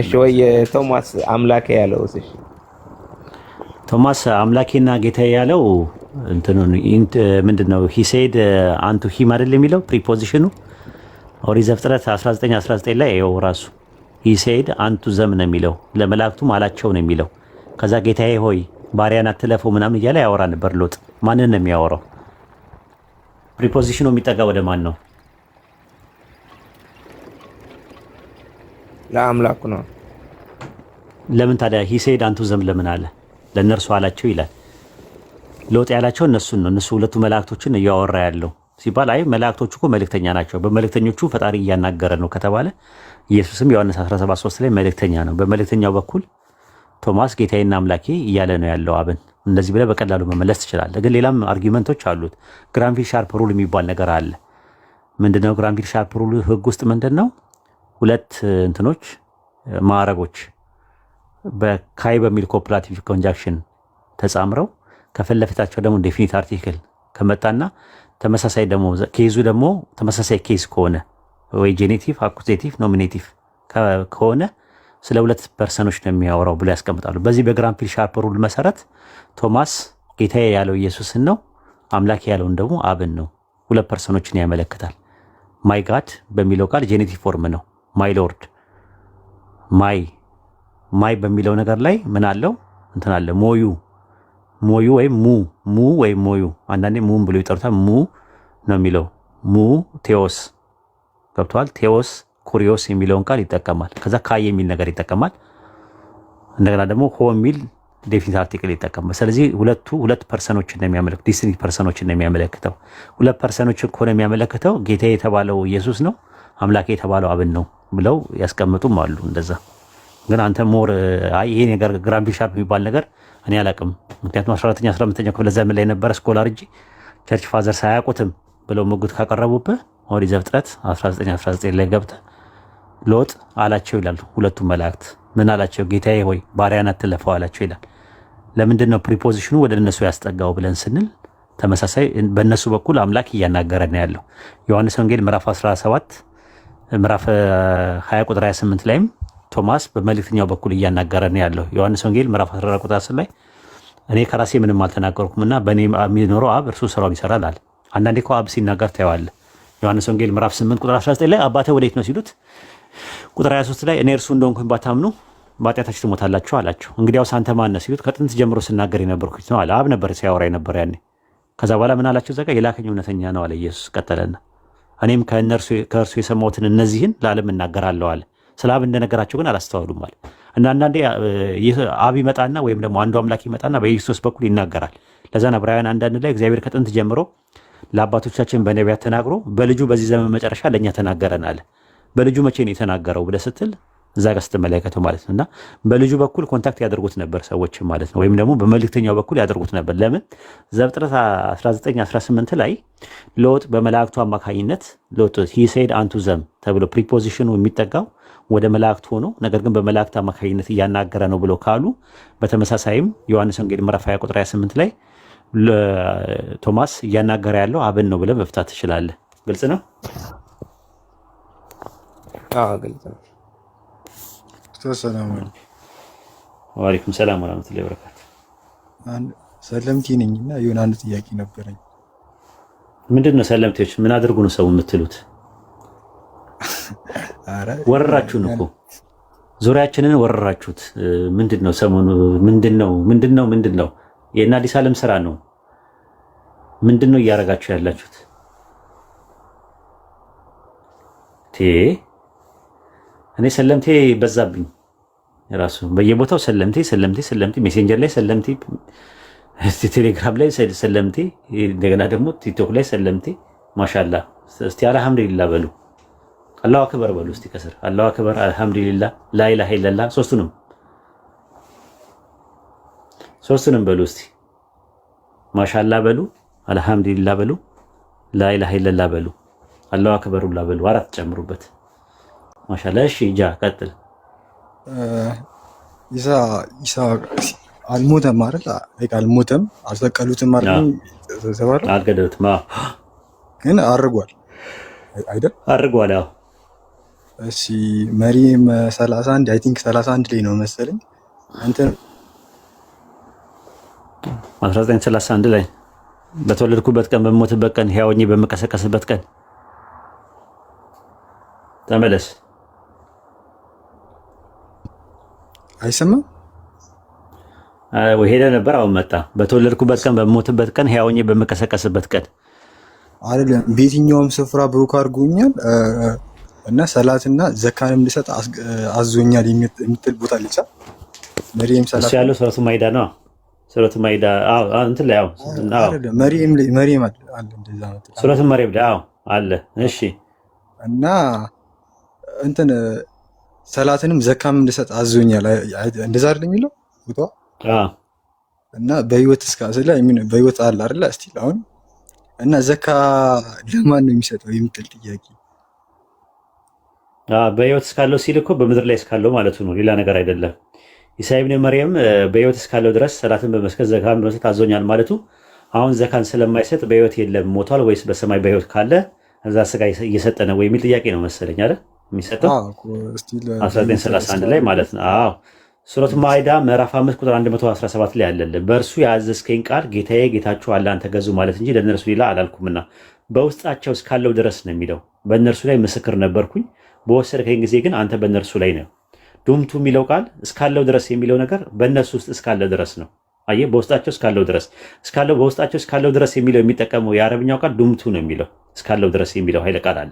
እሺ ወይ ቶማስ አምላኬ ያለው እሺ ቶማስ አምላኬና ጌታዬ ያለው እንትኑ ምንድን ነው? ሂ ሴድ አንቱ ሂም አይደል የሚለው ፕሪፖዚሽኑ ኦሪት ዘፍጥረት 19 19 ላይ ይኸው ራሱ ሂ ሴድ አንቱ ዘም ነው የሚለው ለመላእክቱም አላቸው ነው የሚለው። ከዛ ጌታዬ ሆይ ባሪያን አትለፈው ምናምን እያለ ያወራ ነበር ሎጥ። ማንን ነው የሚያወራው? ፕሪፖዚሽኑ የሚጠጋ ወደ ማን ነው? ለአምላኩ ነው። ለምን ታዲያ ሂሴድ አንቱ ዘም ለምን አለ? ለእነርሱ አላቸው ይላል። ሎጥ ያላቸው እነሱን ነው። እነሱ ሁለቱ መላእክቶችን እያወራ ያለው ሲባል አይ መላእክቶቹ እኮ መልእክተኛ ናቸው። በመልእክተኞቹ ፈጣሪ እያናገረ ነው ከተባለ ኢየሱስም ዮሐንስ 17፥3 ላይ መልእክተኛ ነው። በመልእክተኛው በኩል ቶማስ ጌታዬና አምላኬ እያለ ነው ያለው አብን። እንደዚህ ብለህ በቀላሉ መመለስ ትችላለህ። ግን ሌላም አርጊመንቶች አሉት። ግራንቪል ሻርፕ ሩል የሚባል ነገር አለ። ምንድነው ግራንቪል ሻርፕ ሩል ህግ ውስጥ ምንድን ነው? ሁለት እንትኖች ማዕረጎች በካይ በሚል ኮፕራቲቭ ኮንጃክሽን ተጻምረው ከፈለፊታቸው ደግሞ ዴፊኒት አርቲክል ከመጣና ተመሳሳይ ደግሞ ኬዙ ደግሞ ተመሳሳይ ኬዝ ከሆነ ወይ ጄኔቲቭ አኩዜቲቭ ኖሚኔቲቭ ከሆነ ስለ ሁለት ፐርሰኖች ነው የሚያወራው ብሎ ያስቀምጣሉ። በዚህ በግራንፊል ሻርፕ ሩል መሰረት ቶማስ ጌታዬ ያለው ኢየሱስን ነው፣ አምላክ ያለውን ደግሞ አብን ነው። ሁለት ፐርሰኖችን ያመለክታል። ማይ ጋድ በሚለው ቃል ጄኔቲቭ ፎርም ነው። ማይ ሎርድ ማይ ማይ በሚለው ነገር ላይ ምን አለው እንትን አለ ሞዩ ሞዩ ወይም ሙ ሙ ወይም ሞዩ አንዳንዴ ሙም ብሎ ይጠሩታል። ሙ ነው የሚለው ሙ ቴዎስ ገብተዋል። ቴዎስ ኩሪዮስ የሚለውን ቃል ይጠቀማል። ከዛ ካይ የሚል ነገር ይጠቀማል። እንደገና ደግሞ ሆ የሚል ዴፊኒት አርቲክል ይጠቀማል። ስለዚህ ሁለቱ ሁለት ፐርሰኖች እንደሚያመለክ ዲስቲንክት ፐርሰኖች እንደሚያመለክተው ሁለት ፐርሰኖች ከሆነ የሚያመለክተው ጌታ የተባለው ኢየሱስ ነው። አምላክ የተባለው አብን ነው ብለው ያስቀምጡም አሉ። እንደዛ ግን አንተ ሞር ይሄ ነገር ግራም ቢሻፕ የሚባል ነገር እኔ አላቅም። ምክንያቱም 14ኛ 15ኛ ክፍለ ዘመን ላይ የነበረ ስኮላር እንጂ ቸርች ፋዘር አያውቁትም ብለው ሙግት ካቀረቡብህ ኦሪት ዘፍጥረት 1919 ላይ ገብተህ ሎጥ አላቸው ይላል። ሁለቱም መላእክት ምን አላቸው? ጌታዬ ሆይ ባሪያን አትለፈው አላቸው ይላል። ለምንድን ነው ፕሪፖዚሽኑ ወደ እነሱ ያስጠጋው ብለን ስንል ተመሳሳይ በእነሱ በኩል አምላክ እያናገረ ነው ያለው ዮሐንስ ወንጌል ምዕራፍ 17 ምዕራፍ 20 ቁጥር 28 ላይም ቶማስ በመልእክተኛው በኩል እያናገረ ነው ያለው። ዮሐንስ ወንጌል ምዕራፍ 14 ቁጥር 10 ላይ እኔ ከራሴ ምንም አልተናገርኩምና በእኔ የሚኖረው አብ እርሱ ስራውን ይሰራል አለ። አንዳንዴ እኮ አብ ሲናገር ታየዋለህ። ዮሐንስ ወንጌል ምዕራፍ 8 ቁጥር 19 ላይ አባቴ ወዴት ነው ሲሉት ቁጥር 23 ላይ እኔ እርሱ እንደሆንኩኝ ባታምኑ በኃጢአታችሁ ትሞታላችሁ አላቸው። እንግዲያውስ አንተ ማነህ ሲሉት ከጥንት ጀምሮ ስናገር የነበርኩት ነው አለ። አብ ነበር ሲያወራ የነበረ ያኔ። ከዛ በኋላ ምን አላቸው? ዘጋ የላከኝ እውነተኛ ነው አለ ኢየሱስ። ቀጠለና እኔም ከእርሱ የሰማሁትን እነዚህን ለዓለም እናገራለሁ አለ። ስለ አብ እንደነገራቸው ግን አላስተዋሉም አለ እና አንዳንዴ አብ ይመጣና ወይም ደግሞ አንዱ አምላክ ይመጣና በኢየሱስ በኩል ይናገራል። ለዛ ዕብራውያን አንዳንድ ላይ እግዚአብሔር ከጥንት ጀምሮ ለአባቶቻችን በነቢያት ተናግሮ በልጁ በዚህ ዘመን መጨረሻ ለእኛ ተናገረናል። በልጁ መቼ ነው የተናገረው ብለህ ስትል እዛ ጋር ስትመለከተው ማለት ነው እና በልጁ በኩል ኮንታክት ያደርጉት ነበር ሰዎች ማለት ነው፣ ወይም ደግሞ በመልእክተኛው በኩል ያደርጉት ነበር። ለምን ዘፍጥረት 19 18 ላይ ሎጥ በመላእክቱ አማካኝነት ሎጥ ሂሴድ አንቱ ዘም ተብሎ ፕሪፖዚሽኑ የሚጠጋው ወደ መላእክት ሆኖ ነገር ግን በመላእክት አማካኝነት እያናገረ ነው ብሎ ካሉ፣ በተመሳሳይም ዮሐንስ ወንጌል ምዕራፍ 20 ቁጥር 28 ላይ ቶማስ እያናገረ ያለው አብን ነው ብለህ መፍታት ትችላለህ። ግልጽ ነው። ግልጽ ነው። ዋሌኩም ሰላም ወራህመቱላሂ ወበረካቱ። ሰለምቲ ነኝ እና የሆነ አንድ ጥያቄ ነበረኝ። ምንድን ነው ሰለምቲዎች ምን አድርጉ ነው ሰው የምትሉት? ወረራችሁን እኮ ዙሪያችንን ወረራችሁት። ምንድን ነው ሰሞኑ? ምንድን ነው ምንድን ነው ምንድን ነው የእነ አዲስ ዓለም ስራ ነው? ምንድን ነው እያደረጋችሁ ያላችሁት? እኔ ሰለምቴ በዛብኝ ራሱ በየቦታው ሰለምቴ ሰለምቴ ሰለምቴ፣ ሜሴንጀር ላይ ሰለምቴ፣ ቴሌግራም ላይ ሰለምቴ፣ እንደገና ደግሞ ቲክቶክ ላይ ሰለምቴ። ማሻላ እስቲ አልሐምዱሊላ በሉ፣ አላሁ አክበር በሉ። እስቲ ከስር አላሁ አክበር፣ አልሐምዱሊላ፣ ላኢላሃ ኢለላ፣ ሶስቱንም ሶስቱንም በሉ። እስቲ ማሻላ በሉ፣ አልሐምዱሊላ በሉ፣ ላኢላሃ ኢለላ በሉ፣ አላሁ አክበሩላ በሉ። አራት ጨምሩበት። ማሻላ እሺ ጃ ቀጥል ኢሳ ኢሳ አልሞተም ማለት አልሞተም አልሰቀሉትም ማለት አልገደሉትም ግን አርጓል አይደል አርጓል አዎ እሺ መሪም 31 አይ ቲንክ 31 ላይ ነው መሰለኝ አንተ 1931 ላይ በተወለድኩበት ቀን በምሞትበት ቀን ሕያው ሆኜ በምቀሰቀስበት ቀን ተመለስ አይሰማም። ሄደ ነበር፣ አሁን መጣ። በተወለድኩበት ቀን፣ በሞትበት ቀን፣ ህያውኜ በመቀሰቀስበት ቀን አይደለም። በየትኛውም ስፍራ ብሩክ አድርጎኛል እና ሰላትና ዘካን እንድሰጥ አዞኛል የምትል ቦታ ልጫ መሪም ሰላት ያለው ሱረቱ ማይዳ ነው። ሱረቱ ማይዳ አዎ፣ እንትን ላይ አዎ፣ መሪም ሱረቱ መሪም ላይ አለ። እሺ እና እንትን ሰላትንም ዘካም እንድሰጥ አዞኛል። እንደዛ አይደል የሚለው ቦታ እና በህይወት እስከ ስለ በህይወት አለ አይደል እስቲል አሁን እና ዘካ ለማን ነው የሚሰጠው የምትል ጥያቄ በህይወት እስካለው ሲል እኮ በምድር ላይ እስካለው ማለቱ ነው፣ ሌላ ነገር አይደለም። ኢሳይ ብን መርየም በህይወት እስካለው ድረስ ሰላትን በመስከት ዘካም በመስጠት አዞኛል ማለቱ አሁን ዘካን ስለማይሰጥ በህይወት የለም ሞቷል ወይስ በሰማይ በህይወት ካለ እዛ ስጋ እየሰጠ ነው የሚል ጥያቄ ነው መሰለኝ አይደል? የሚሰጠው 1931 ላይ ማለት ነው። አዎ ሱረቱ ማይዳ ምዕራፍ 5 ቁጥር 117 ላይ ያለልን በእርሱ ያዘዝከኝ ቃል ጌታዬ ጌታችሁ አላህን ተገዙ ማለት እንጂ ለእነርሱ ሌላ አላልኩምና በውስጣቸው እስካለው ድረስ ነው የሚለው። በእነርሱ ላይ ምስክር ነበርኩኝ፣ በወሰድከኝ ጊዜ ግን አንተ በእነርሱ ላይ ነው። ዱምቱ የሚለው ቃል እስካለው ድረስ የሚለው ነገር በእነርሱ ውስጥ እስካለ ድረስ ነው። አየ በውስጣቸው እስካለው ድረስ እስካለው በውስጣቸው እስካለው ድረስ የሚለው የሚጠቀመው የአረብኛው ቃል ዱምቱ ነው የሚለው። እስካለው ድረስ የሚለው ኃይለ ቃል አለ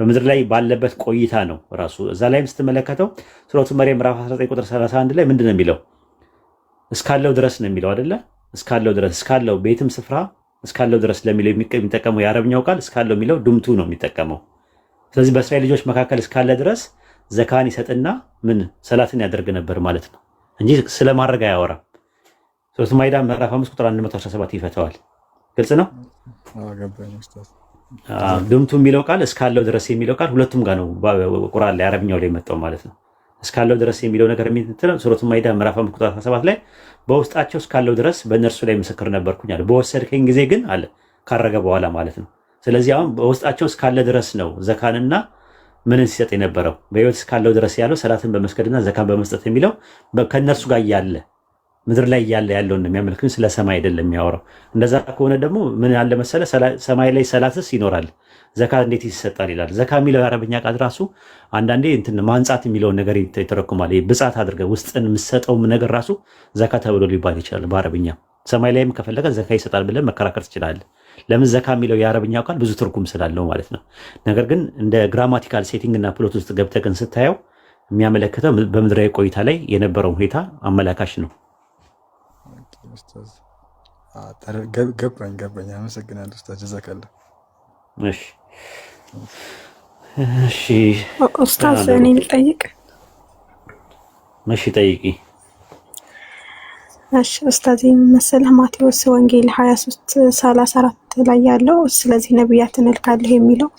በምድር ላይ ባለበት ቆይታ ነው ራሱ። እዛ ላይም ስትመለከተው ሱረቱ መርየም ምዕራፍ 19 ቁጥር 31 ላይ ምንድን ነው የሚለው? እስካለው ድረስ ነው የሚለው አደለ እስካለው ድረስ እስካለው ቤትም ስፍራ እስካለው ድረስ ለሚለው የሚጠቀመው የአረብኛው ቃል እስካለው የሚለው ድምቱ ነው የሚጠቀመው። ስለዚህ በእስራኤል ልጆች መካከል እስካለ ድረስ ዘካን ይሰጥና ምን ሰላትን ያደርግ ነበር ማለት ነው እንጂ ስለማድረግ አያወራም። ሱረቱ ማይዳ ምዕራፍ 5 ቁጥር 117 ይፈተዋል። ግልጽ ነው። ድምቱ የሚለው ቃል እስካለው ድረስ የሚለው ቃል ሁለቱም ጋር ነው። ቁርአን ላይ አረብኛው ላይ መጣው ማለት ነው። እስካለው ድረስ የሚለው ነገር የሚትለው ሱረቱ ማይዳ ምዕራፍ ቁጥር 17 ላይ በውስጣቸው እስካለው ድረስ በእነርሱ ላይ ምስክር ነበርኩኝ አለ። በወሰድከኝ ጊዜ ግን አለ ካረገ በኋላ ማለት ነው። ስለዚህ አሁን በውስጣቸው እስካለ ድረስ ነው ዘካንና ምንን ሲሰጥ የነበረው በህይወት እስካለው ድረስ ያለው ሰላትን በመስገድና ዘካን በመስጠት የሚለው ከእነርሱ ጋር እያለ ምድር ላይ እያለ ያለው ነው ስለ ሰማይ አይደለም የሚያወራው። እንደዛ ከሆነ ደግሞ ምን ያለ መሰለ ሰማይ ላይ ሰላትስ ይኖራል፣ ዘካ እንዴት ይሰጣል ይላል። ዘካ የሚለው የአረብኛ ቃል ራሱ አንዳንዴ እንትን ማንጻት የሚለውን ነገር ይተረኩማል። ብጻት አድርገ ውስጥን የምሰጠውም ነገር ራሱ ዘካ ተብሎ ሊባል ይችላል በአረብኛ። ሰማይ ላይም ከፈለገ ዘካ ይሰጣል ብለን መከራከር ትችላለ። ለምን ዘካ የሚለው የአረብኛ ቃል ብዙ ትርጉም ስላለው ማለት ነው። ነገር ግን እንደ ግራማቲካል ሴቲንግ እና ፕሎት ውስጥ ገብተህ ግን ስታየው የሚያመለክተው በምድራዊ ቆይታ ላይ የነበረው ሁኔታ አመላካሽ ነው። ኡስታዝ ገባኝ ገባኝ። አመሰግናለሁ ኡስታዝ ጀዛከላ። እሺ እሺ ኡስታዝ እኔ ልጠይቅ? እሺ ጠይቂ። እሺ ኡስታዝ የሚመስልህ ማቴዎስ ወንጌል ሀያ ሶስት ሰላሳ አራት ላይ ያለው ስለዚህ ነቢያትን እልካለሁ የሚለው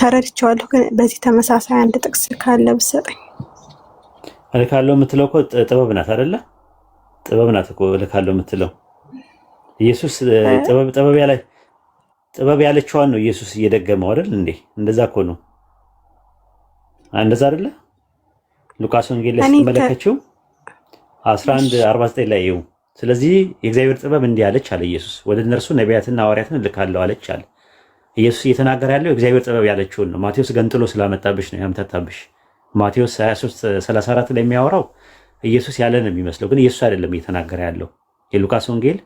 ተረድቼዋለሁ። ግን በዚህ ተመሳሳይ አንድ ጥቅስ ካለ ብሰጠኝ። እልካለሁ የምትለው እኮ ጥበብ ናት አይደለ? ጥበብ ናት እኮ እልካለሁ የምትለው ኢየሱስ ጥበብ ጥበብ ያለ ጥበብ ያለችዋን ነው ኢየሱስ እየደገመው አይደል እንዴ? እንደዛ እኮ ነው። እንደዛ አይደለ? ሉቃስ ወንጌል ላይ ስትመለከችው 11 49 ላይ ይኸው፣ ስለዚህ የእግዚአብሔር ጥበብ እንዲህ አለች አለ ኢየሱስ፣ ወደ እነርሱ ነቢያትና ሐዋርያትን እልካለሁ አለች አለ ኢየሱስ። እየተናገረ ያለው የእግዚአብሔር ጥበብ ያለችውን ነው። ማቴዎስ ገንጥሎ ስላመጣብሽ ነው ያምታታብሽ። ማቴዎስ 23 34 ላይ የሚያወራው ኢየሱስ ያለ ነው የሚመስለው፣ ግን ኢየሱስ አይደለም እየተናገረ ያለው። የሉቃስ ወንጌል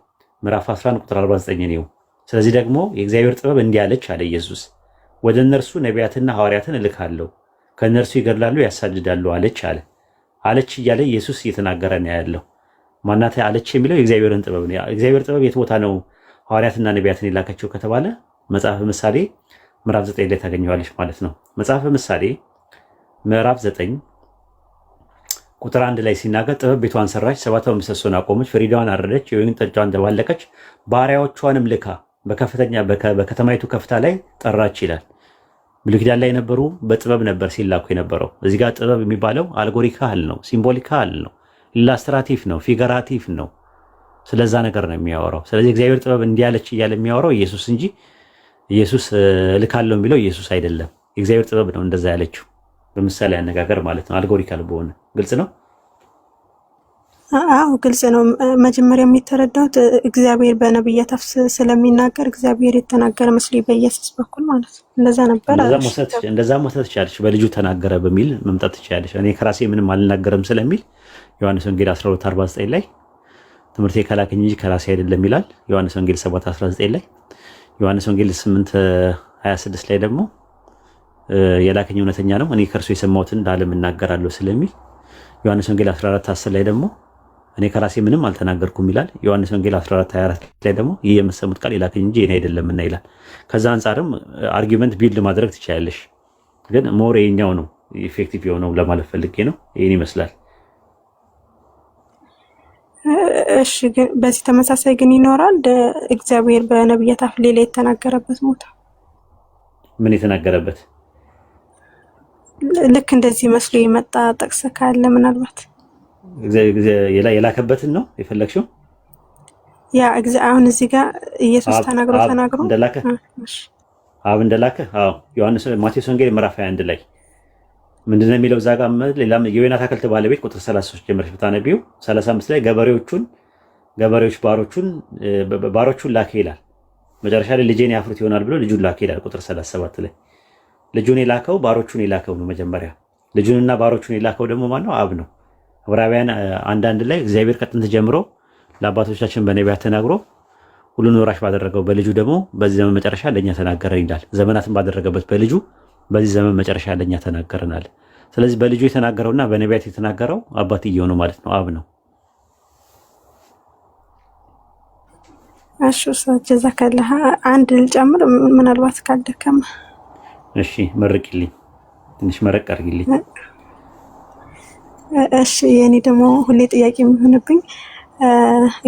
ምዕራፍ 11 ቁጥር 49 ነው። ስለዚህ ደግሞ የእግዚአብሔር ጥበብ እንዲህ አለች አለ ኢየሱስ፣ ወደ እነርሱ ነቢያትና ሐዋርያትን እልካለሁ፣ ከእነርሱ ይገድላሉ፣ ያሳድዳሉ አለች አለ አለች እያለ ኢየሱስ እየተናገረ ነው ያለው። ማናት አለች የሚለው የእግዚአብሔርን ጥበብ ነው። እግዚአብሔር ጥበብ የት ቦታ ነው ሐዋርያትና ነቢያትን የላከችው ከተባለ መጽሐፈ ምሳሌ ምዕራፍ 9 ላይ ታገኘዋለች ማለት ነው። መጽሐፈ ምሳሌ ምዕራፍ 9 ቁጥር አንድ ላይ ሲናገር ጥበብ ቤቷን ሰራች፣ ሰባት ምሰሶን አቆመች፣ ፍሪዳዋን አረደች፣ የወይን ጠጇን ተባለቀች፣ ባሪያዎቿንም ልካ በከፍተኛ በከተማይቱ ከፍታ ላይ ጠራች ይላል። ብሉይ ኪዳን ላይ የነበሩ በጥበብ ነበር ሲላኩ የነበረው። እዚህ ጋር ጥበብ የሚባለው አልጎሪካል ነው፣ ሲምቦሊካል ነው፣ ኢላስትራቲቭ ነው፣ ፊገራቲቭ ነው። ስለዛ ነገር ነው የሚያወራው። ስለዚህ እግዚአብሔር ጥበብ እንዲያለች እያለ የሚያወራው ኢየሱስ እንጂ ኢየሱስ እልካለሁ የሚለው ኢየሱስ አይደለም። የእግዚአብሔር ጥበብ ነው እንደዛ ያለችው በምሳሌ አነጋገር ማለት ነው፣ አልጎሪካል በሆነ ግልጽ ነው። አዎ ግልጽ ነው። መጀመሪያ የሚተረዳውት እግዚአብሔር በነብያት ስለሚናገር እግዚአብሔር የተናገረ መስሎኝ በኢየሱስ በኩል ማለት ነው። እንደዛ ነበር። እንደዛ መውሰድ ትችላለች። በልጁ ተናገረ በሚል መምጣት ትችላለች። እኔ ከራሴ ምንም አልናገርም ስለሚል ዮሐንስ ወንጌል 1249 ላይ ትምህርቴ ከላከኝ እንጂ ከራሴ አይደለም ይላል። ዮሐንስ ወንጌል 719 ላይ ዮሐንስ ወንጌል 826 ላይ ደግሞ የላከኝ እውነተኛ ነው፣ እኔ ከእርሱ የሰማሁትን ለዓለም እናገራለሁ ስለሚል ዮሐንስ ወንጌል 14 10 ላይ ደግሞ እኔ ከራሴ ምንም አልተናገርኩም ይላል። ዮሐንስ ወንጌል 14 24 ላይ ደግሞ ይህ የምትሰሙት ቃል የላከኝ እንጂ እኔ አይደለምና ይላል። ከዛ አንጻርም አርጊመንት ቢልድ ማድረግ ትችላለሽ፣ ግን ሞር የኛው ነው ኢፌክቲቭ የሆነው ለማለት ፈልጌ ነው። ይህን ይመስላል። እሺ፣ ግን በዚህ ተመሳሳይ ግን ይኖራል እግዚአብሔር በነቢያት አፍ ሌላ የተናገረበት ቦታ ምን የተናገረበት ልክ እንደዚህ መስሎ የመጣ ጥቅስ ካለ ምናልባት የላከበትን ነው የፈለግሽው? ያ አሁን እዚህ ጋር ኢየሱስ ተናግሮ ተናግሮ እንደላከ አብ እንደላከ ዮሐንስ ማቴዎስ ወንጌል ምዕራፍ 21 ላይ ምንድን ነው የሚለው? እዛ ጋር ሌላም የወይን አትክልት ባለቤት ቁጥር 33 ጀምረሽ ብታነቢው 35 ላይ ገበሬዎቹን ገበሬዎች ባሮቹን ባሮቹን ላከ ይላል። መጨረሻ ላይ ልጄን ያፍሩት ይሆናል ብሎ ልጁን ላከ ይላል ቁጥር 37 ላይ ልጁን የላከው ባሮቹን የላከው ነው መጀመሪያ። ልጁንና ባሮቹን የላከው ደግሞ ማነው? አብ ነው። ዕብራውያን አንዳንድ ላይ እግዚአብሔር ከጥንት ጀምሮ ለአባቶቻችን በነቢያት ተናግሮ ሁሉን ወራሽ ባደረገው በልጁ ደግሞ በዚህ ዘመን መጨረሻ ለእኛ ተናገረን ይላል። ዘመናትን ባደረገበት በልጁ በዚህ ዘመን መጨረሻ ለእኛ ተናገረናል። ስለዚህ በልጁ የተናገረውና በነቢያት የተናገረው አባትየው ነው ማለት ነው፣ አብ ነው። አሹ ሰዎች አንድ ልጨምር ምናልባት ካልደከመ እሺ መርቅልኝ፣ ትንሽ መረቅ አድርግልኝ። እሺ የኔ ደግሞ ሁሌ ጥያቄ የሚሆንብኝ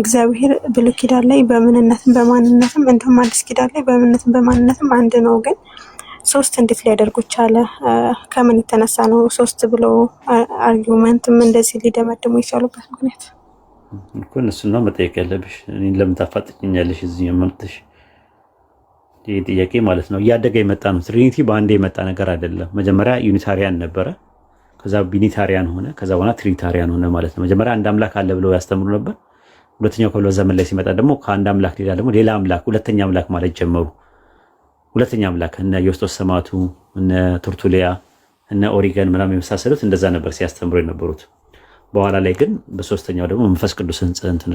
እግዚአብሔር ብሉይ ኪዳን ላይ በምንነትም በማንነትም እንዲሁም አዲስ ኪዳን ላይ በምንነትም በማንነትም አንድ ነው፣ ግን ሶስት እንዴት ሊያደርጉ ቻለ? ከምን የተነሳ ነው ሶስት ብሎ አርጊመንትም እንደዚህ ሊደመድሙ የቻሉበት ምክንያት? እኮ እነሱን ነው መጠየቅ ያለብሽ። እኔን ለምን ታፋጥጭኛለሽ እዚህ መምጥሽ ይህ ጥያቄ ማለት ነው እያደገ የመጣ ነው። ትሪኒቲ በአንድ የመጣ ነገር አይደለም። መጀመሪያ ዩኒታሪያን ነበረ፣ ከዛ ቢኒታሪያን ሆነ፣ ከዛ በኋላ ትሪኒታሪያን ሆነ ማለት ነው። መጀመሪያ አንድ አምላክ አለ ብለው ያስተምሩ ነበር። ሁለተኛው ክፍለ ዘመን ላይ ሲመጣ ደግሞ ከአንድ አምላክ ሌላ ደግሞ ሌላ አምላክ ሁለተኛ አምላክ ማለት ጀመሩ። ሁለተኛ አምላክ እነ ዮስጦስ ሰማቱ፣ እነ ቱርቱሊያ፣ እነ ኦሪገን ምናምን የመሳሰሉት እንደዛ ነበር ሲያስተምሩ የነበሩት። በኋላ ላይ ግን በሶስተኛው ደግሞ መንፈስ ቅዱስ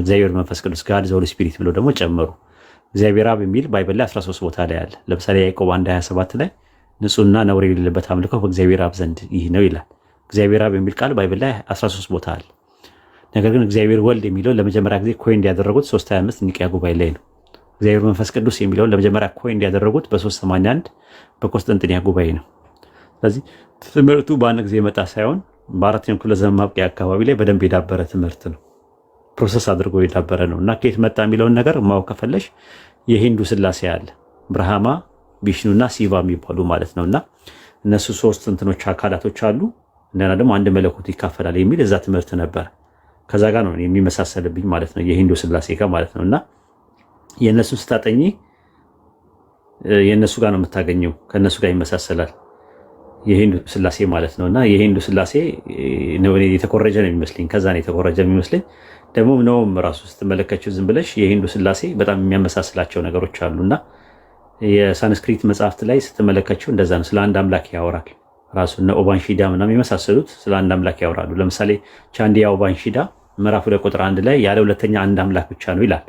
እግዚአብሔር መንፈስ ቅዱስ ጋድ ዘውል ስፒሪት ብለው ደግሞ ጨመሩ። እግዚአብሔር አብ የሚል ባይበል ላይ 13 ቦታ ላይ አለ። ለምሳሌ ያዕቆብ 1 27 ላይ ንጹህና ነውር የሌለበት አምልኮ በእግዚአብሔር አብ ዘንድ ይህ ነው ይላል። እግዚአብሔር አብ የሚል ቃል ባይበል ላይ 13 ቦታ አለ። ነገር ግን እግዚአብሔር ወልድ የሚለውን ለመጀመሪያ ጊዜ ኮይ እንዲያደረጉት 325 ኒቅያ ጉባኤ ላይ ነው። እግዚአብሔር መንፈስ ቅዱስ የሚለውን ለመጀመሪያ ኮይ እንዲያደረጉት በ381 በኮንስጠንጥንያ ጉባኤ ነው። ስለዚህ ትምህርቱ በአንድ ጊዜ የመጣ ሳይሆን በአራተኛው ክፍለ ዘመን ማብቂያ አካባቢ ላይ በደንብ የዳበረ ትምህርት ነው። ፕሮሰስ አድርጎ የዳበረ ነው እና ከየት መጣ የሚለውን ነገር ማወቅ ከፈለሽ የሂንዱ ስላሴ አለ ብርሃማ፣ ቢሽኑና ሲቫ የሚባሉ ማለት ነው እና እነሱ ሶስት እንትኖች አካላቶች አሉ እንደና ደግሞ አንድ መለኮት ይካፈላል የሚል እዛ ትምህርት ነበር። ከዛ ጋር ነው የሚመሳሰልብኝ ማለት ነው የሂንዱ ስላሴ ጋር ማለት ነው እና የእነሱን ስታጠኚ የእነሱ ጋር ነው የምታገኘው፣ ከእነሱ ጋር ይመሳሰላል። የሂንዱ ስላሴ ማለት ነው። እና የሂንዱ ስላሴ የተኮረጀ ነው የሚመስለኝ፣ ከዛ ነው የተኮረጀ የሚመስለኝ። ደግሞ ነውም ራሱ ስትመለከችው ዝም ብለሽ የሂንዱ ስላሴ በጣም የሚያመሳስላቸው ነገሮች አሉ እና የሳንስክሪት መጽሐፍት ላይ ስትመለከችው እንደዛ ነው። ስለ አንድ አምላክ ያወራል ራሱ እነ ኦባንሺዳ ምናምን የመሳሰሉት ስለ አንድ አምላክ ያወራሉ። ለምሳሌ ቻንዲያ ኦባንሺዳ ምዕራፍ ሁለት ቁጥር አንድ ላይ ያለ ሁለተኛ አንድ አምላክ ብቻ ነው ይላል።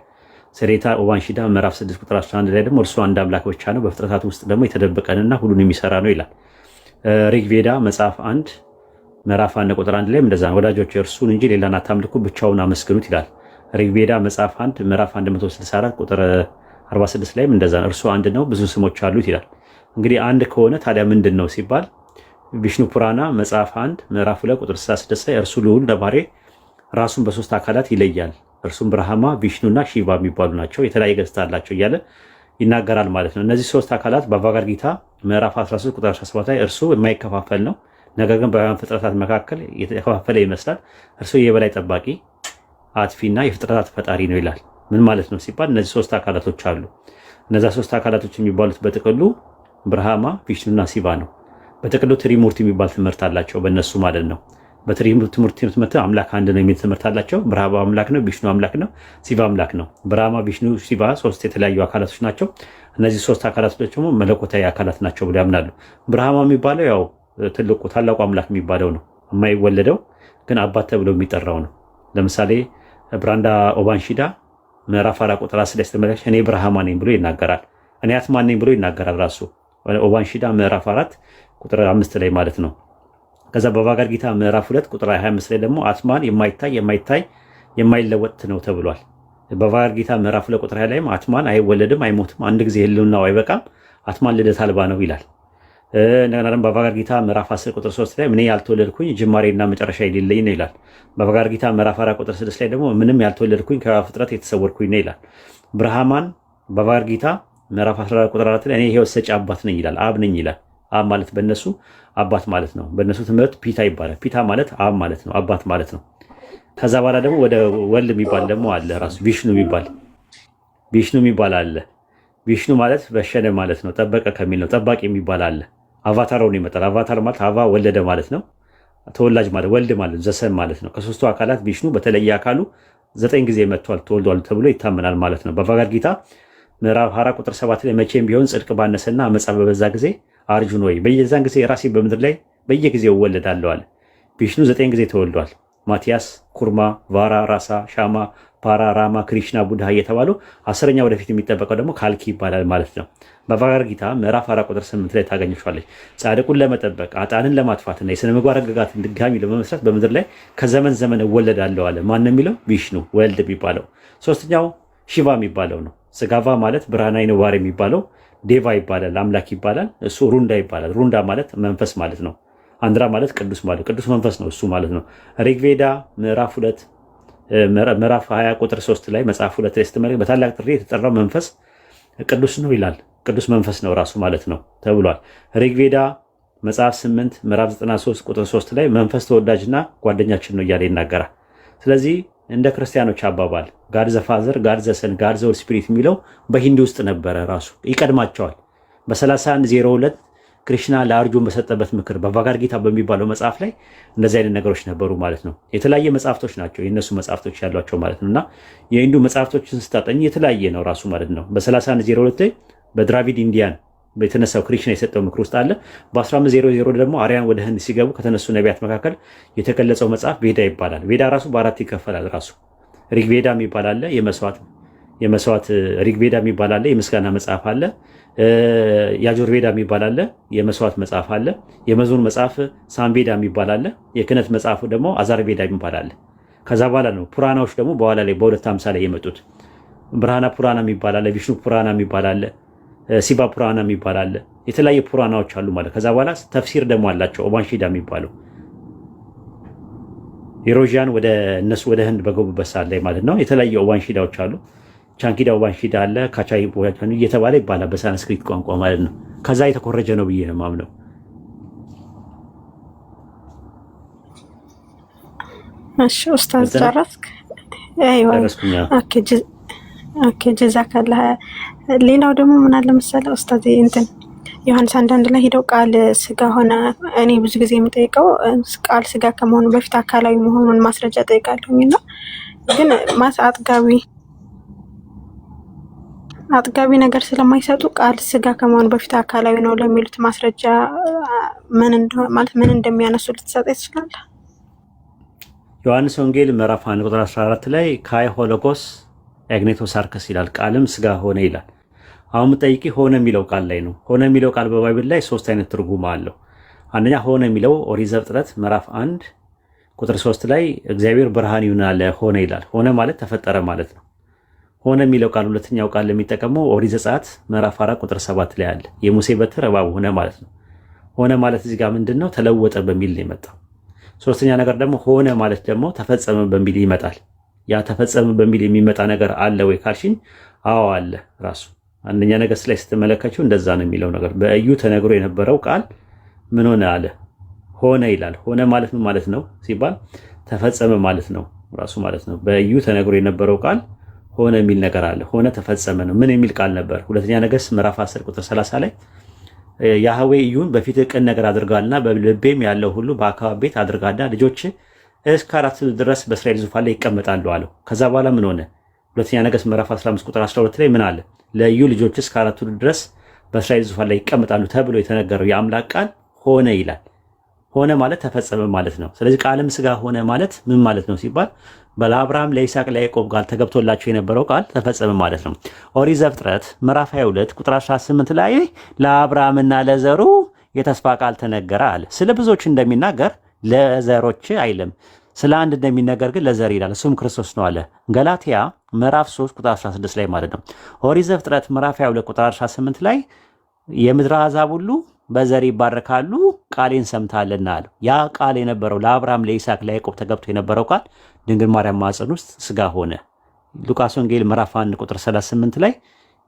ሴሬታ ኦባንሺዳ ምዕራፍ ስድስት ቁጥር አንድ ላይ ደግሞ እርሱ አንድ አምላክ ብቻ ነው፣ በፍጥረታት ውስጥ ደግሞ የተደበቀንና ሁሉን የሚሰራ ነው ይላል። ሪግቬዳ መጽሐፍ አንድ ምዕራፍ አንድ ቁጥር አንድ ላይ እንደዛ ነው። ወዳጆች እርሱን እንጂ ሌላን አታምልኩ ብቻውን አመስግኑት ይላል። ሪግቬዳ መጽሐፍ አንድ ምዕራፍ 164 ቁጥር 46 ላይም እንደዛ ነው። እርሱ አንድ ነው፣ ብዙ ስሞች አሉት ይላል። እንግዲህ አንድ ከሆነ ታዲያ ምንድን ነው ሲባል ቪሽኑ ፑራና መጽሐፍ አንድ ምዕራፍ 2 ቁጥር 66 ላይ እርሱ ልዑል ለባሬ ራሱን በሶስት አካላት ይለያል እርሱም ብርሃማ ቪሽኑና ሺቫ የሚባሉ ናቸው የተለያየ ገጽታ አላቸው እያለ ይናገራል ማለት ነው። እነዚህ ሶስት አካላት በአቫጋድ ጌታ ምዕራፍ 13 ቁጥር 17 ላይ እርሱ የማይከፋፈል ነው፣ ነገር ግን በሕያዋን ፍጥረታት መካከል የተከፋፈለ ይመስላል። እርሱ የበላይ ጠባቂ፣ አጥፊና የፍጥረታት ፈጣሪ ነው ይላል። ምን ማለት ነው ሲባል እነዚህ ሶስት አካላቶች አሉ። እነዚ ሶስት አካላቶች የሚባሉት በጥቅሉ ብርሃማ፣ ቪሽኑና ሲቫ ነው። በጥቅሉ ትሪሙርት የሚባል ትምህርት አላቸው በእነሱ ማለት ነው። በትሪምብ ትምህርት የምትመት አምላክ አንድ ነው የሚል ትምህርት አላቸው። ብርሃማ አምላክ ነው፣ ቢሽኑ አምላክ ነው፣ ሲቫ አምላክ ነው። ብርሃማ፣ ቢሽኑ፣ ሲቫ ሶስት የተለያዩ አካላቶች ናቸው። እነዚህ ሶስት አካላቶች ደግሞ መለኮታዊ አካላት ናቸው ብሎ ያምናሉ። ብርሃማ የሚባለው ያው ትልቁ ታላቁ አምላክ የሚባለው ነው። የማይወለደው ግን አባት ተብሎ የሚጠራው ነው። ለምሳሌ ብራንዳ ኦባንሺዳ ምዕራፍ አራት ቁጥር አስር ላይ እኔ ብርሃማ ነኝ ብሎ ይናገራል። እኔ አትማ ነኝ ብሎ ይናገራል ራሱ ኦባንሺዳ ምዕራፍ አራት ቁጥር አምስት ላይ ማለት ነው። ከዛ በባጋር ጌታ ምዕራፍ ሁለት ቁጥር 25 ላይ ደግሞ አትማን የማይታይ የማይታይ የማይለወጥ ነው ተብሏል። በባጋድ ጌታ ምዕራፍ ሁለት ቁጥር 20 ላይም አትማን አይወለድም አይሞትም፣ አንድ ጊዜ ህልውናው አይበቃም፣ አትማን ልደት አልባ ነው ይላል። እንደገና ደግሞ በባጋድ ጌታ ምዕራፍ 10 ቁጥር 3 ላይ እኔ ያልተወለድኩኝ ጅማሬና መጨረሻ የሌለኝ ነው ይላል። በባጋድ ጌታ ምዕራፍ 4 ቁጥር 6 ላይ ደግሞ ምንም ያልተወለድኩኝ ከፍጥረት የተሰወርኩኝ ነው ይላል። ብርሃማን በባጋድ ጌታ ምዕራፍ 14 ቁጥር 4 ላይ እኔ ህይወት ሰጪ አባት ነኝ ይላል፣ አብ ነኝ ይላል። አብ ማለት በእነሱ አባት ማለት ነው። በእነሱ ትምህርት ፒታ ይባላል። ፒታ ማለት አብ ማለት ነው፣ አባት ማለት ነው። ከዛ በኋላ ደግሞ ወደ ወልድ የሚባል ደግሞ አለ። ራሱ ቪሽኑ የሚባል ቪሽኑ የሚባል አለ። ቪሽኑ ማለት በሸነ ማለት ነው፣ ጠበቀ ከሚል ነው። ጠባቂ የሚባል አለ። አቫታር ሆኖ ይመጣል። አቫታር ማለት አባ ወለደ ማለት ነው። ተወላጅ ማለት ወልድ ማለት ዘሰን ማለት ነው። ከሶስቱ አካላት ቪሽኑ በተለየ አካሉ ዘጠኝ ጊዜ መጥቷል ተወልዷል ተብሎ ይታመናል ማለት ነው። በቫጋድ ጊታ ምዕራፍ 4 ቁጥር 7 ላይ መቼም ቢሆን ጽድቅ ባነሰና አመፃ በበዛ ጊዜ አርጁን ወይ በየዛን ጊዜ ራሴ በምድር ላይ በየጊዜው እወለዳለሁ አለ። ቪሽኑ ዘጠኝ ጊዜ ተወልዷል። ማቲያስ፣ ኩርማ፣ ቫራ፣ ራሳ፣ ሻማ፣ ፓራ፣ ራማ፣ ክሪሽና፣ ቡድሃ እየተባሉ አስረኛ ወደፊት የሚጠበቀው ደግሞ ካልኪ ይባላል ማለት ነው። በቫጋር ጊታ ምዕራፍ አራት ቁጥር ስምንት ላይ ታገኘችዋለች። ጻድቁን ለመጠበቅ አጣንን ለማጥፋትና የስነ ምግባር ሕግጋትን ድጋሚ ለመመስረት በምድር ላይ ከዘመን ዘመን እወለዳለሁ አለ። ማን የሚለው ቪሽኑ ወልድ የሚባለው ሶስተኛው ሺቫ የሚባለው ነው። ስጋቫ ማለት ብርሃናዊ ነዋር የሚባለው ዴቫ ይባላል፣ አምላክ ይባላል። እሱ ሩንዳ ይባላል። ሩንዳ ማለት መንፈስ ማለት ነው። አንድራ ማለት ቅዱስ ማለት ቅዱስ መንፈስ ነው እሱ ማለት ነው። ሪግቬዳ ምዕራፍ ሁለት ምዕራፍ 20 ቁጥር 3 ላይ መጽሐፍ ሁለት ላይ ስትመለከት በታላቅ ጥሪ የተጠራው መንፈስ ቅዱስ ነው ይላል። ቅዱስ መንፈስ ነው ራሱ ማለት ነው ተብሏል። ሪግቬዳ መጽሐፍ 8 ምዕራፍ 93 ቁጥር 3 ላይ መንፈስ ተወዳጅና ጓደኛችን ነው እያለ ይናገራል። ስለዚህ እንደ ክርስቲያኖች አባባል ጋድ ዘ ፋዘር ጋድ ዘ ሰን ጋድ ዘ ስፒሪት የሚለው በሂንድ ውስጥ ነበረ። ራሱ ይቀድማቸዋል። በ3102 ክሪሽና ለአርጁን በሰጠበት ምክር በቫጋድ ጊታ በሚባለው መጽሐፍ ላይ እንደዚህ አይነት ነገሮች ነበሩ ማለት ነው። የተለያየ መጽሐፍቶች ናቸው የእነሱ መጽሐፍቶች ያሏቸው ማለት ነው። እና የሂንዱ መጽሐፍቶችን ስታጠኝ የተለያየ ነው ራሱ ማለት ነው። በ3102 በድራቪድ ኢንዲያን የተነሳው ክሪሽና የሰጠው ምክር ውስጥ አለ። በ1500 ደግሞ አርያን ወደ ህንድ ሲገቡ ከተነሱ ነቢያት መካከል የተገለጸው መጽሐፍ ቬዳ ይባላል። ቬዳ ራሱ በአራት ይከፈላል። ራሱ ሪግቬዳ የሚባል አለ፣ የመስዋዕት ሪግ የሚባል አለ፣ የምስጋና መጽሐፍ አለ። የአጆርቬዳ ቬዳ የሚባል አለ፣ የመስዋዕት መጽሐፍ አለ። የመዞን መጽሐፍ ሳምቬዳ የሚባል አለ። የክህነት መጽሐፍ ደግሞ አዛር ቬዳ የሚባል አለ። ከዛ በኋላ ነው ፑራናዎች ደግሞ በኋላ ላይ በሁለት 250 ላይ የመጡት ብርሃና ፑራና የሚባል አለ፣ ቪሽኑ ፑራና የሚባል አለ ሲባ ፑራና የሚባል አለ። የተለያየ ፑራናዎች አሉ ማለት ከዛ በኋላ ተፍሲር ደግሞ አላቸው። ኦባንሺዳ የሚባለው ኢሮዥያን ወደ እነሱ ወደ ህንድ በገቡበት ሰዓት ላይ ማለት ነው። የተለያየ ኦባንሺዳዎች አሉ። ቻንኪዳ ኦባንሺዳ አለ፣ ካቻይ እየተባለ ይባላል በሳንስክሪት ቋንቋ ማለት ነው። ከዛ የተኮረጀ ነው ብዬ ነው የማምነው። እሺ ኡስታዝ ጨረስክ? ኦኬ ጀዛካላ። ሌላው ደግሞ ምን አለ መሰለ ኡስታዝ እንትን ዮሐንስ አንዳንድ ላይ ሄደው ቃል ስጋ ሆነ። እኔ ብዙ ጊዜ የምጠይቀው ቃል ስጋ ከመሆኑ በፊት አካላዊ መሆኑን ማስረጃ ጠይቃለሁኝ እና ግን ማስ አጥጋቢ አጥጋቢ ነገር ስለማይሰጡ ቃል ስጋ ከመሆኑ በፊት አካላዊ ነው ለሚሉት ማስረጃ ማለት ምን እንደሚያነሱ ልትሰጠ ይችላል? ዮሐንስ ወንጌል ምዕራፍ 1 ቁጥር 14 ላይ ካይ ሆሎጎስ ሳርከስ ይላል፣ ቃልም ስጋ ሆነ ይላል። አሁን ምጠይቂ ሆነ የሚለው ቃል ላይ ነው። ሆነ የሚለው ቃል በባይብል ላይ ሶስት አይነት ትርጉም አለው። አንደኛ ሆነ የሚለው ኦሪት ዘፍጥረት ምዕራፍ አንድ ቁጥር ሶስት ላይ እግዚአብሔር ብርሃን ይሁን አለ ሆነ ይላል። ሆነ ማለት ተፈጠረ ማለት ነው። ሆነ የሚለው ቃል ሁለተኛው ቃል የሚጠቀመው ኦሪት ዘጸአት ምዕራፍ አራት ቁጥር ሰባት ላይ አለ። የሙሴ በትር እባብ ሆነ ማለት ነው። ሆነ ማለት እዚህ ጋር ምንድን ነው? ተለወጠ በሚል ነው የመጣው። ሶስተኛ ነገር ደግሞ ሆነ ማለት ደግሞ ተፈጸመ በሚል ይመጣል። ያ ተፈጸመ በሚል የሚመጣ ነገር አለ ወይ ካልሽኝ፣ አዎ አለ። ራሱ አንደኛ ነገሥት ላይ ስትመለከችው እንደዛ ነው የሚለው ነገር። በእዩ ተነግሮ የነበረው ቃል ምን ሆነ አለ? ሆነ ይላል። ሆነ ማለት ምን ማለት ነው ሲባል ተፈጸመ ማለት ነው ራሱ ማለት ነው። በእዩ ተነግሮ የነበረው ቃል ሆነ የሚል ነገር አለ። ሆነ ተፈጸመ ነው። ምን የሚል ቃል ነበር? ሁለተኛ ነገሥት ምዕራፍ 10 ቁጥር 30 ላይ ያህዌ እዩን በፊት ቅን ነገር አድርጋልና በልቤም ያለው ሁሉ በአካባቢ ቤት አድርጋልና ልጆች እስከ አራት ድረስ በእስራኤል ዙፋን ላይ ይቀመጣሉ አለው። ከዛ በኋላ ምን ሆነ? ሁለተኛ ነገሥት ምዕራፍ 15 ቁጥር 12 ላይ ምን አለ? ለዩ ልጆች እስከ አራት ድረስ በእስራኤል ዙፋን ላይ ይቀመጣሉ ተብሎ የተነገረው የአምላክ ቃል ሆነ ይላል። ሆነ ማለት ተፈጸመ ማለት ነው። ስለዚህ ቃልም ስጋ ሆነ ማለት ምን ማለት ነው ሲባል ለአብርሃም ለይስሐቅ፣ ለያዕቆብ ቃል ተገብቶላቸው የነበረው ቃል ተፈጸመ ማለት ነው። ኦሪት ዘፍጥረት ምዕራፍ 22 ቁጥር 18 ላይ ለአብርሃምና ለዘሩ የተስፋ ቃል ተነገረ አለ። ስለ ብዙዎች እንደሚናገር ለዘሮች አይልም። ስለ አንድ እንደሚነገር ግን ለዘር ይላል፣ እሱም ክርስቶስ ነው አለ። ገላትያ ምዕራፍ 3 ቁጥር 16 ላይ ማለት ነው። ኦሪት ዘፍጥረት ምዕራፍ 22 ቁጥር 18 ላይ የምድረ አሕዛብ ሁሉ በዘር ይባረካሉ ቃሌን ሰምታለና አለ። ያ ቃል የነበረው ለአብርሃም ለይስሐቅ፣ ለያዕቆብ ተገብቶ የነበረው ቃል ድንግል ማርያም ማኅፀን ውስጥ ስጋ ሆነ። ሉቃስ ወንጌል ምዕራፍ 1 ቁጥር 38 ላይ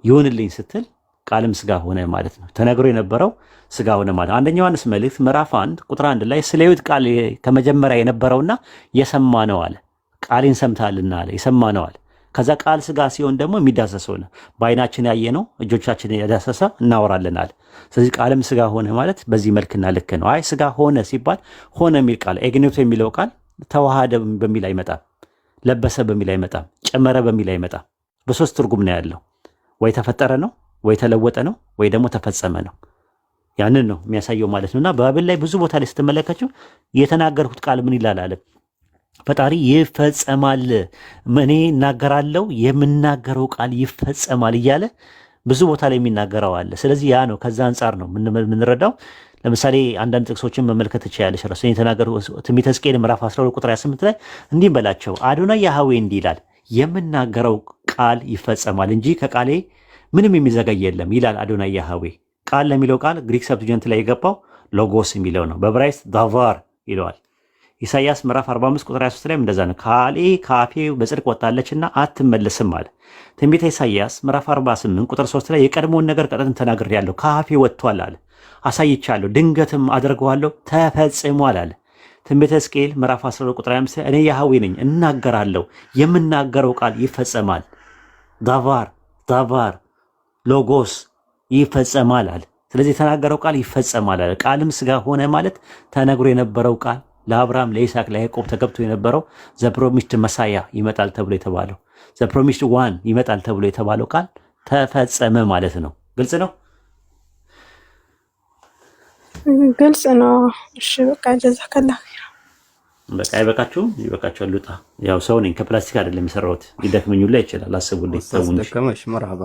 ይሁንልኝ ስትል ቃልም ስጋ ሆነ ማለት ነው። ተነግሮ የነበረው ስጋ ሆነ ማለት ነው። አንደኛ ዮሐንስ መልእክት ምዕራፍ አንድ ቁጥር አንድ ላይ ስለ ሕይወት ቃል ከመጀመሪያ የነበረውና የሰማ ነው አለ። ቃሌን ሰምታልና አለ የሰማ ነው አለ። ከዛ ቃል ስጋ ሲሆን ደግሞ የሚዳሰስ ሆነ። በዓይናችን ያየ ነው እጆቻችን ያዳሰሰ እናወራለን አለ። ስለዚህ ቃልም ስጋ ሆነ ማለት በዚህ መልክና ልክ ነው። አይ ስጋ ሆነ ሲባል ሆነ የሚል ቃል ኤግኔቶ የሚለው ቃል ተዋሃደ በሚል አይመጣም፣ ለበሰ በሚል አይመጣም፣ ጨመረ በሚል አይመጣም። በሶስት ትርጉም ነው ያለው። ወይ ተፈጠረ ነው ወይ ተለወጠ ነው ወይ ደግሞ ተፈጸመ ነው። ያንን ነው የሚያሳየው ማለት ነው። እና በባብል ላይ ብዙ ቦታ ላይ ስትመለከችው የተናገርኩት ቃል ምን ይላል አለ ፈጣሪ ይፈጸማል፣ እኔ እናገራለው የምናገረው ቃል ይፈጸማል እያለ ብዙ ቦታ ላይ የሚናገረው አለ። ስለዚህ ያ ነው ከዛ አንጻር ነው የምንረዳው። ለምሳሌ አንዳንድ ጥቅሶችን መመልከት ትችያለሽ። ራሱ የተናገሩ ትንቢተ ሕዝቅኤል ምዕራፍ 12 ቁጥር 28 ላይ እንዲህ በላቸው አዶና ያህዌ እንዲህ ይላል የምናገረው ቃል ይፈጸማል እንጂ ከቃሌ ምንም የሚዘገይ የለም ይላል አዶናይ ያህዌ። ቃል ለሚለው ቃል ግሪክ ሰብትጀንት ላይ የገባው ሎጎስ የሚለው ነው። በብራይስ ዳቫር ይለዋል። ኢሳያስ ምዕራፍ 45 ቁጥር 23 ላይ እንደዛ ነው። ቃሌ ካፌ በጽድቅ ወጣለችና አትመለስም አለ። ትንቢተ ኢሳያስ ምዕራፍ 48 ቁጥር 3 ላይ የቀድሞውን ነገር ተናግር ያለው ካፌ ወጥቷል አለ። አሳይቻለሁ፣ ድንገትም አደርገዋለሁ፣ ተፈጽሟል አለ። ትንቢተ ሕዝቅኤል ምዕራፍ 12 ቁጥር 5 እኔ ያህዌ ነኝ እናገራለሁ፣ የምናገረው ቃል ይፈጸማል። ዳቫር ዳቫር ሎጎስ ይፈጸማል አለ። ስለዚህ የተናገረው ቃል ይፈጸማል አለ። ቃልም ስጋ ሆነ ማለት ተነግሮ የነበረው ቃል ለአብርሃም፣ ለይስሐቅ፣ ለያዕቆብ ተገብቶ የነበረው ዘፕሮሚስድ መሳያ ይመጣል ተብሎ የተባለው ዘፕሮሚስድ ዋን ይመጣል ተብሎ የተባለው ቃል ተፈጸመ ማለት ነው። ግልጽ ነው፣ ግልጽ ነው። እሺ በቃ ጀዛከላ። በቃ አይበቃችሁም? ይበቃችኋል። ልውጣ። ያው ሰው ነኝ፣ ከፕላስቲክ አይደለም የሰራሁት። ሊደክመኝ ሁላ ይችላል። አስቡልኝ። ሰው ደከመሽ መርሃባ